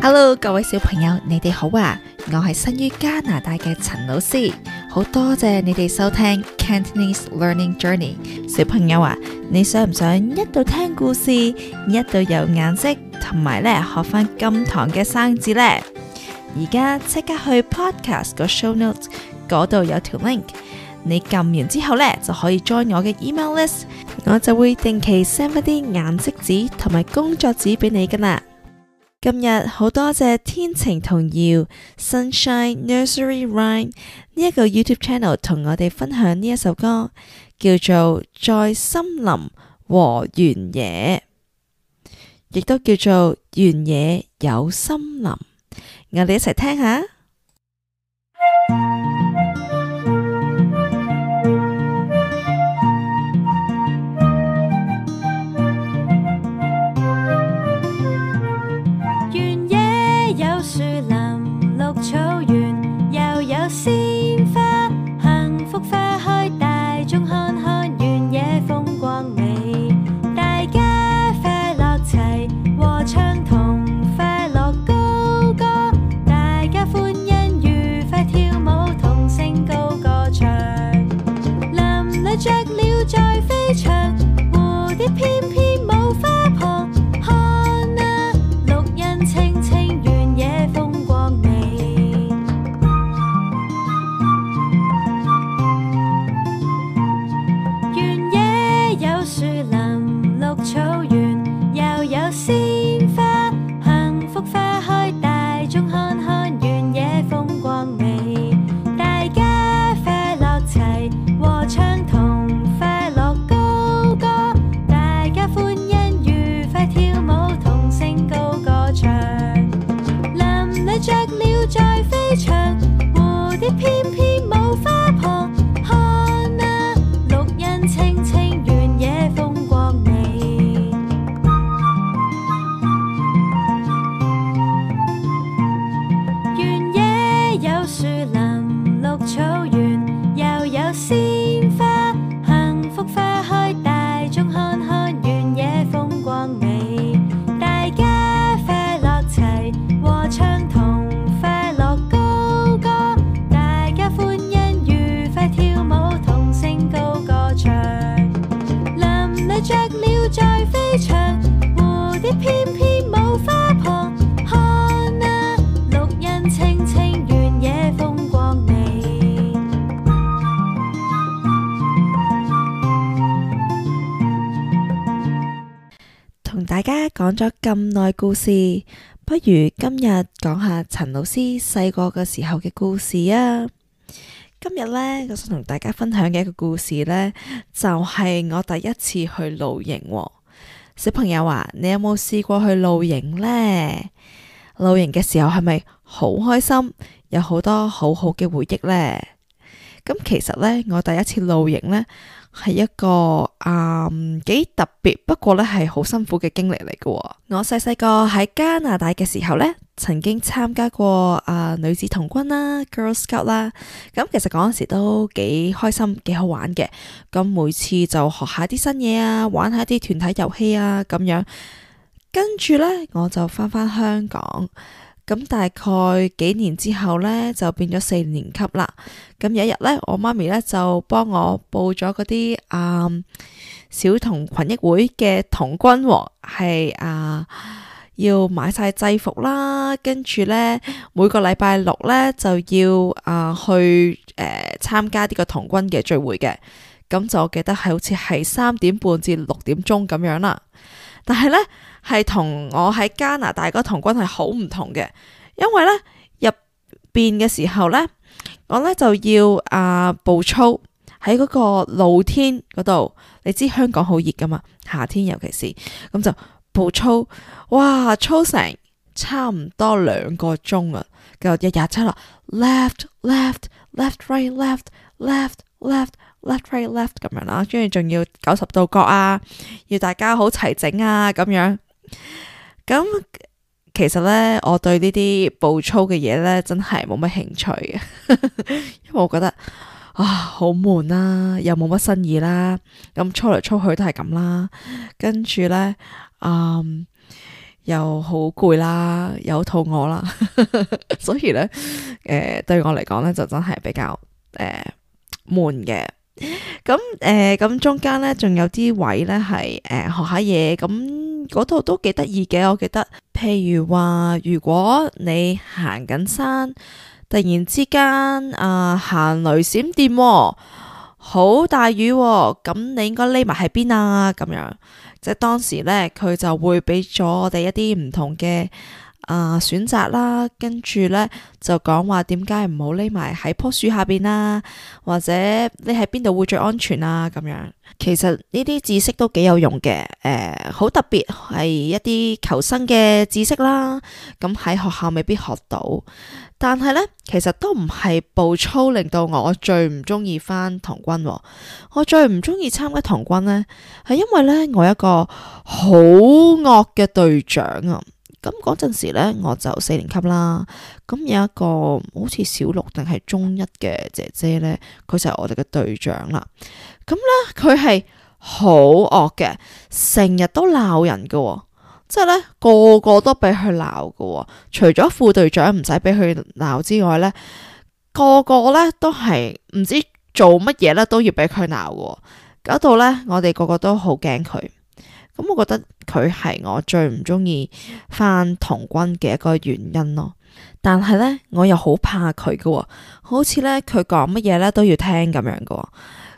Hello，各位小朋友，你哋好啊！我係生於加拿大嘅陳老師，好多謝你哋收聽 Cantonese Learning Journey。小朋友啊，你想唔想一度聽故事，一度有顏色，同埋咧學翻金堂嘅生字呢？而家即刻去 Podcast 個 Show Notes 嗰度有條 link，你撳完之後咧就可以 join 我嘅 email list，我就會定期 send 一啲顏色紙同埋工作紙俾你噶啦。今日好多謝天晴童謠 Sunshine Nursery Rhyme 呢一個 YouTube Channel 同我哋分享呢一首歌，叫做《在森林和原野》，亦都叫做《原野有森林》。我哋一齊聽一下。 咗咁耐故事，不如今日講下陳老師細個嘅時候嘅故事啊！今日呢，我想同大家分享嘅一個故事呢，就係我第一次去露營喎。小朋友啊，你有冇試過去露營呢？露營嘅時候係咪好開心？有好多好好嘅回憶呢？咁其實呢，我第一次露營呢，係一個誒幾、嗯、特別，不過呢係好辛苦嘅經歷嚟嘅、哦。我細細個喺加拿大嘅時候呢，曾經參加過啊、呃、女子童軍啦、Girl Scout 啦，咁、嗯、其實嗰陣時都幾開心、幾好玩嘅。咁、嗯、每次就學下啲新嘢啊，玩下啲團體遊戲啊，咁樣。跟住呢，我就返返香港。咁大概幾年之後呢，就變咗四年級啦。咁有一日呢，我媽咪呢，就幫我報咗嗰啲啊小童群益會嘅童軍喎、哦，係啊要買晒制服啦，跟住呢，每個禮拜六呢，就要啊去誒、啊、參加呢個童軍嘅聚會嘅。咁就記得係好似係三點半至六點鐘咁樣啦。但係呢，係同我喺加拿大童軍係好唔同嘅。因為呢，入邊嘅時候呢，我呢就要啊呃、步操喺嗰個露天嗰度，你知香港好熱噶嘛，夏天尤其是，咁就步操，哇，操成差唔多兩個鐘啊，跟住日日出落 left,，left left left right left left left。left, right, left 咁樣啦，跟住仲要九十度角啊，要大家好齊整啊，咁樣，咁其實呢，我對呢啲步操嘅嘢呢，真係冇乜興趣嘅。 因為我覺得啊好悶啦，啊，又冇乜新意啦，啊，咁操嚟操去都係咁啦，跟住呢，嗯，又好攰啦，又好肚餓啦， 所以呢，誒、呃、對我嚟講呢，就真係比較誒悶嘅。呃咁誒，咁、嗯嗯、中間呢，仲、嗯嗯、有啲位呢係誒學下嘢，咁嗰度都幾得意嘅。我記得，譬如話如果你行緊山，突然之間啊行雷閃電、哦，好大雨、哦，咁你應該匿埋喺邊啊？咁樣即係當時呢，佢就會俾咗我哋一啲唔同嘅。啊，選擇啦，跟住呢就講話點解唔好匿埋喺棵樹下邊啦，啊，或者你喺邊度會最安全啊？咁樣，其實呢啲知識都幾有用嘅。誒、呃，好特別係一啲求生嘅知識啦。咁喺學校未必學到，但係呢其實都唔係步操令到我最唔中意返童軍，啊。我最唔中意參加童軍呢，係因為呢，我一個好惡嘅隊長啊。咁嗰陣時呢，我就四年級啦。咁有一個好似小六定係中一嘅姐姐呢，佢就係我哋嘅隊長啦。咁呢，佢係好惡嘅，成日都鬧人嘅哦，即係呢，個個都俾佢鬧嘅。除咗副隊長唔使俾佢鬧之外呢，個個呢都係唔知做乜嘢呢都要俾佢鬧嘅，搞到呢，我哋個個都好驚佢。咁、嗯、我覺得佢係我最唔中意翻童軍嘅一個原因咯，但係呢，我又好怕佢噶、哦，好似呢，佢講乜嘢呢都要聽咁樣噶，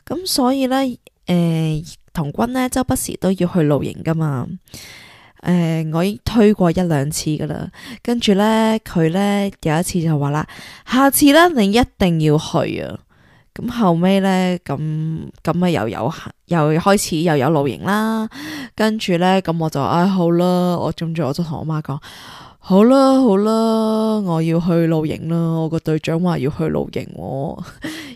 咁所以呢，誒、呃，童軍呢周不時都要去露營噶嘛，誒、呃，我已經推過一兩次噶啦，跟住呢，佢呢有一次就話啦，下次呢，你一定要去啊！咁後尾呢，咁咁咪又有，又開始又有露營啦。跟住呢，咁我就唉、哎，好啦，我總之我就同我媽講。好啦，好啦，我要去露營啦。我個隊長話要去露營，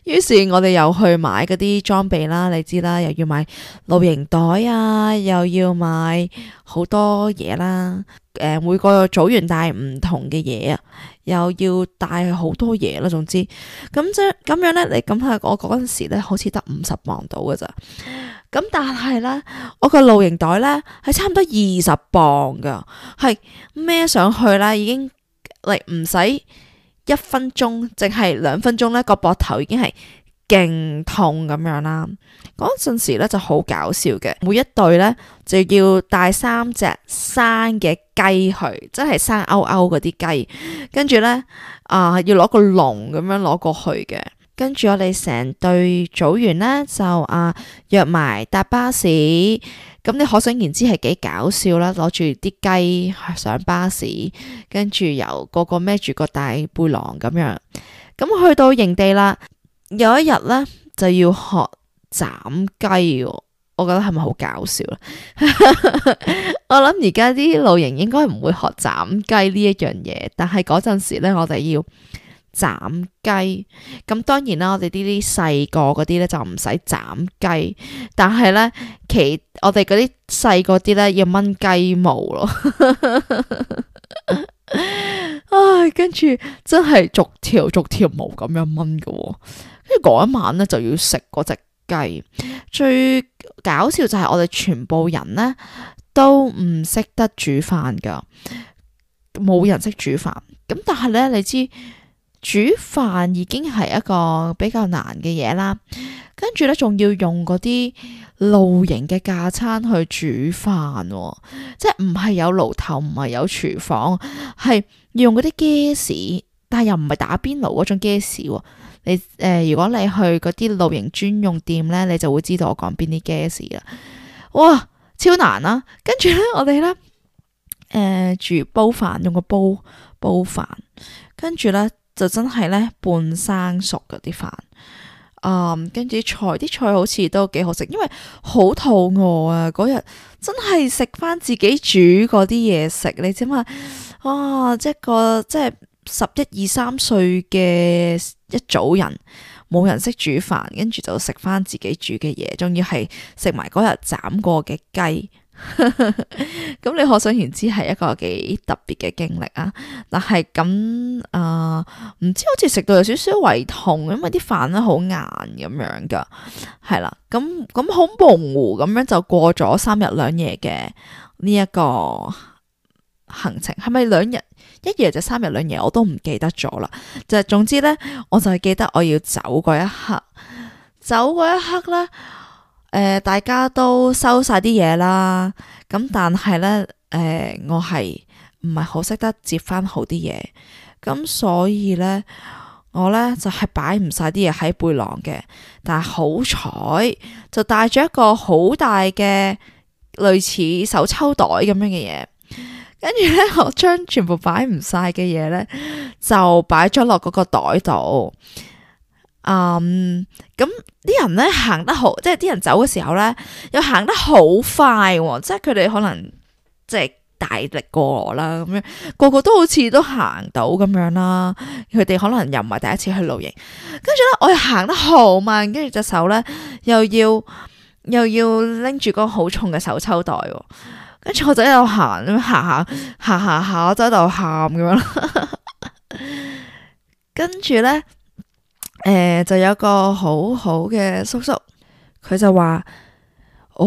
於 是我哋又去買嗰啲裝備啦。你知啦，又要買露營袋啊，又要買好多嘢啦。誒，每個組員帶唔同嘅嘢啊，又要帶好多嘢啦。總之咁即咁樣咧，你諗下我嗰陣時咧，好似得五十磅到噶咋。咁但係呢，我個露營袋呢係差唔多二十磅㗎，係孭上去啦，已經嚟唔使一分鐘，淨係兩分鐘呢個膊頭已經係勁痛咁樣啦。嗰陣時呢就好搞笑嘅，每一隊呢就要帶三隻生嘅雞去，真係生勾勾嗰啲雞，跟住呢，啊、呃、要攞個籠咁樣攞過去嘅。跟住我哋成隊組員呢，就啊約埋搭巴士，咁你可想而知係幾搞笑啦！攞住啲雞上巴士，跟住由個個孭住個大背囊咁樣，咁、嗯、去到營地啦。有一日呢就要學斬雞、哦，我覺得係咪好搞笑啦？ 我諗而家啲露營應該唔會學斬雞呢一樣嘢，但係嗰陣時呢，我哋要。斬雞，咁當然啦，我哋呢啲細個嗰啲呢就唔使斬雞，但係呢，其我哋嗰啲細個啲呢要掹雞毛咯， 唉，跟住真係逐條逐條毛咁樣掹噶喎，跟住嗰一晚呢就要食嗰隻雞。最搞笑就係我哋全部人呢都唔識得煮飯噶，冇人識煮飯，咁但係呢，你知。煮飯已經係一個比較難嘅嘢啦，跟住呢，仲要用嗰啲露營嘅架餐去煮飯喎，即係唔係有爐頭，唔係有廚房，係要用嗰啲 gas，但係又唔係打邊爐嗰種 gas。你誒、呃，如果你去嗰啲露營專用店呢，你就會知道我講邊啲 gas 啦。哇，超難啦，啊！跟住呢，我哋呢，誒、呃，煮煲飯，用個煲煲飯，跟住呢。就真係咧，半生熟嗰啲飯，嗯，跟住菜，啲菜好似都幾好食，因為好肚餓啊。嗰日真係食返自己煮嗰啲嘢食，你知嘛？啊，即個即係十一二三歲嘅一組人，冇人識煮飯，跟住就食返自己煮嘅嘢，仲要係食埋嗰日斬過嘅雞。咁 你可想而知係一個幾特別嘅經歷啊，但係咁啊，唔、呃、唔知好似食到有少少胃痛，因為啲飯咧好硬咁樣噶，係啦，咁咁好模糊，咁樣就過咗三日兩夜嘅呢一個行程，係咪兩日一夜就三日兩夜，我都唔記得咗啦。就總之呢，我就係記得我要走嗰一刻，走嗰一刻呢。誒、呃，大家都收晒啲嘢啦，咁但係呢，誒、呃，我係唔係好識得接翻好啲嘢，咁所以呢，我呢就係擺唔晒啲嘢喺背囊嘅，但係好彩就帶咗一個好大嘅類似手抽袋咁樣嘅嘢，跟住呢，我將全部擺唔晒嘅嘢呢，就擺咗落個個袋度。嗯，咁啲、um, 人咧行得好，即係啲人走嘅時候咧，又行得好快、哦，即係佢哋可能即係大力過我啦，咁樣個個都好似都行到咁樣啦。佢哋可能又唔係第一次去露營，跟住咧我又行得好慢，跟住隻手咧又要又要拎住個好重嘅手抽袋、哦，跟住我就喺度行，咁行行行下，我就喺度喊咁樣 呢，跟住咧。誒、呃，就有個好好嘅叔叔，佢就話：哦，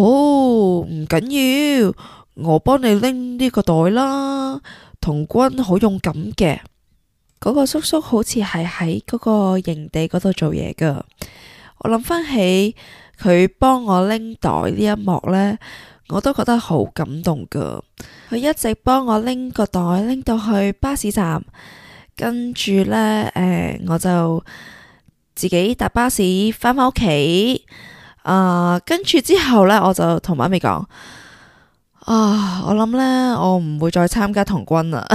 唔緊要，我幫你拎呢個袋啦。童軍好勇敢嘅。嗰、嗰個叔叔，好似係喺嗰個營地嗰度做嘢噶。我諗返起佢幫我拎袋呢一幕呢，我都覺得好感動噶。佢一直幫我拎個袋，拎到去巴士站，跟住呢，誒、呃，我就。自己搭巴士返返屋企，誒，跟住之後呢，我就同媽咪講啊。Oh, 我諗呢，我唔會再參加童軍啦，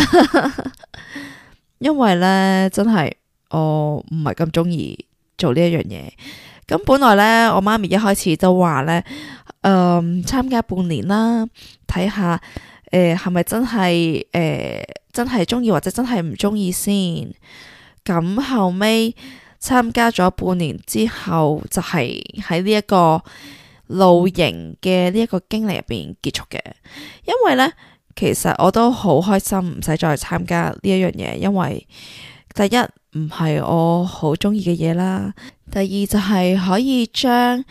因為呢，真係我唔係咁中意做呢一樣嘢。咁本來呢，我媽咪一開始就話呢，誒，參加半年啦，睇下誒係咪真係、呃、真係中意，或者真係唔中意先。咁後尾。參加咗半年之後，就係喺呢一個露營嘅呢一個經歷入邊結束嘅。因為呢，其實我都好開心，唔使再參加呢一樣嘢。因為第一唔係我好中意嘅嘢啦，第二就係可以將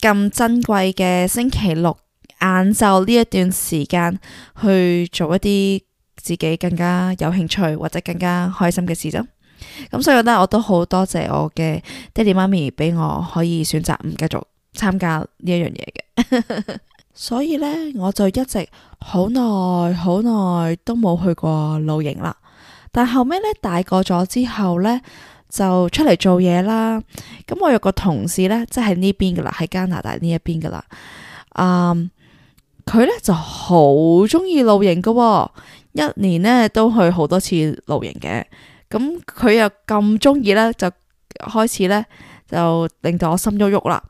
咁珍貴嘅星期六晏晝呢一段時間去做一啲自己更加有興趣或者更加開心嘅事。咁所以咧，我都好多謝我嘅爹哋媽咪，俾我可以選擇唔繼續參加呢一樣嘢嘅。所以咧，我就一直好耐好耐都冇去過露營啦。但後尾咧，大個咗之後咧，就出嚟做嘢啦。咁我有個同事咧，即係呢邊噶啦，喺加拿大一邊、嗯、呢一邊噶啦。佢咧就好中意露營噶、哦，一年呢都去好多次露營嘅。咁佢又咁中意呢，就開始呢，就令到我心喐喐啦。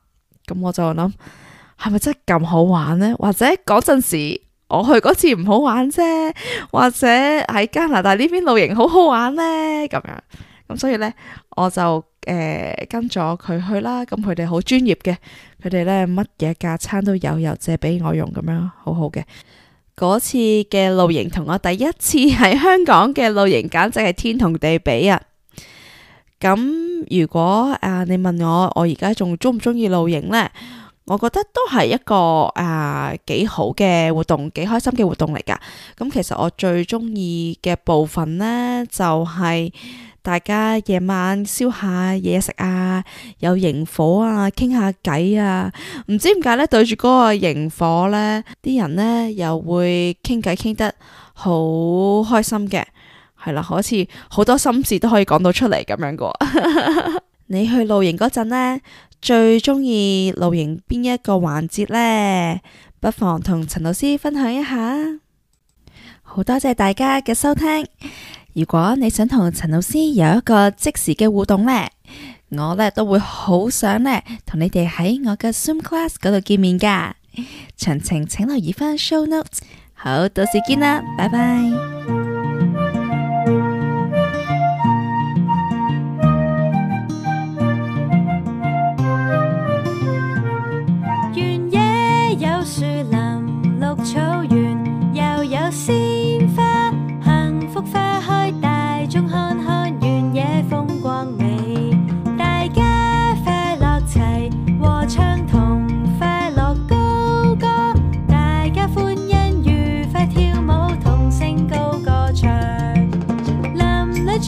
咁我就諗，係咪真係咁好玩呢？或者嗰陣時我去嗰次唔好玩啫？或者喺加拿大呢邊露營好好玩呢？咁樣。咁所以呢，我就誒、呃、跟咗佢去啦。咁佢哋好專業嘅，佢哋呢乜嘢架餐都有，又借俾我用咁樣，好好嘅。嗰次嘅露營同我第一次喺香港嘅露營，簡直係天同地比啊！咁、嗯、如果啊，你問我我而家仲中唔中意露營呢？我覺得都係一個啊幾、呃、好嘅活動，幾開心嘅活動嚟噶。咁、嗯、其實我最中意嘅部分呢，就係、是。大家夜晚燒下嘢食啊，有營火啊，傾下偈啊，唔知點解呢？對住嗰個營火呢，啲人呢又會傾偈傾得好開心嘅，係啦，好似好多心事都可以講到出嚟咁樣噶。 你去露營嗰陣呢，最中意露營邊一個環節呢？不妨同陳老師分享一下。好多謝大家嘅收聽。如果你想同陳老師有一個即時嘅互動呢，我呢都會好想呢同你哋喺我嘅 Zoom class 嗰度見面㗎。詳情請留意返 Show Notes。好，到時見啦，拜拜。